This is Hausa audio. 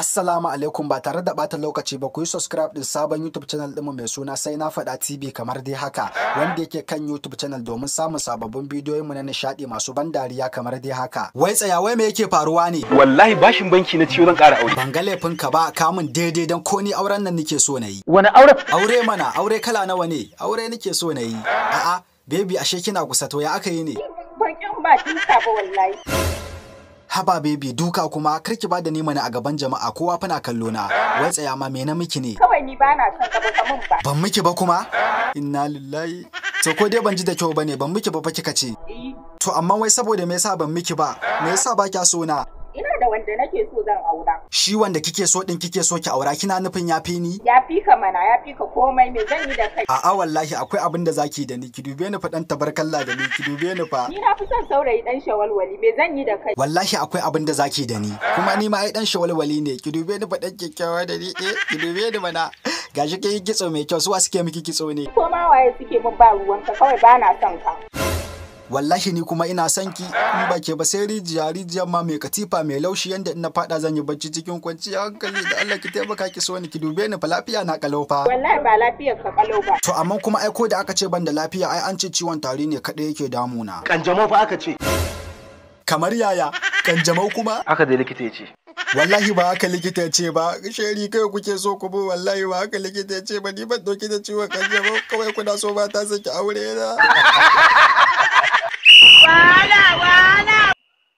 Assalamu alaikum ba tare da bata lokaci ba ku yi subscribe din sabon YouTube channel ɗinmu mai suna sai na faɗa TV kamar dai haka wanda yake kan YouTube channel domin samun sababbin bidiyoyin mu na nishadi masu ban dariya kamar dai haka. Wai tsaya wai me yake faruwa ne? Wallahi bashin banki na ciwo zan ƙara aure. Ban ga laifin ka ba kamun daidai dan ko ni auren nan nake so na Wani aure? Aure mana aure kala nawa ne aure nake so nayi yi. A'a baby ashe kina kusa to ya aka yi ne? ba wallahi. haba baby duka kuma ki ba da ni mana a gaban jama'a kowa fana kallo na wai tsaya ma me na miki ne kawai ni ba na son ka ba mun ba ban miki ba kuma inna lillahi to ko dai ban ji da kyau bane ban miki ba fa kika ce eh. to amma wai saboda me yasa ban miki ba me yasa ba kya so na ina da wanda nake so zan aura. Shi wanda kike so din kike so ki aura kina nufin ya fi ni? Ya fi ka mana ya fi ka komai me zan yi da kai. A'a wallahi akwai abin da zaki da ni ki dube ni fa dan tabarkalla da ni ki dube ni fa. Ni na fi son saurayi dan shawalwali me zan yi da kai. Wallahi akwai abin da zaki da ni kuma ni ma ai dan shawalwali ne ki dube ni fa dan kyakkyawa da ni eh ki dube ni mana. Gashi kai kitso mai kyau suwa suke miki kitso ne. Ko ma waye suke mun ba ka kawai ba na son ka. wallahi ni kuma ina son ki in ba ke ba sai rijiya rijiyar ma mai katifa mai laushi yanda ina fada zan yi bacci cikin kwanciya, hankali da Allah ki taimaka ki so ni ki dube ni fa lafiya na kalofa! wallahi ba lafiyar ka kalau ba to amma kuma ai ko da aka ce ban da lafiya ai an ce ciwon tari ne kadai yake damuna kanjamau fa aka ce kamar yaya kanjamau kuma aka dai likita ya ce wallahi ba haka likita ce ba sheri kai kuke so ku bi wallahi ba haka likita ce ba ni ban dauki da ciwon kanjamau kawai kuna so ba ta saki aure na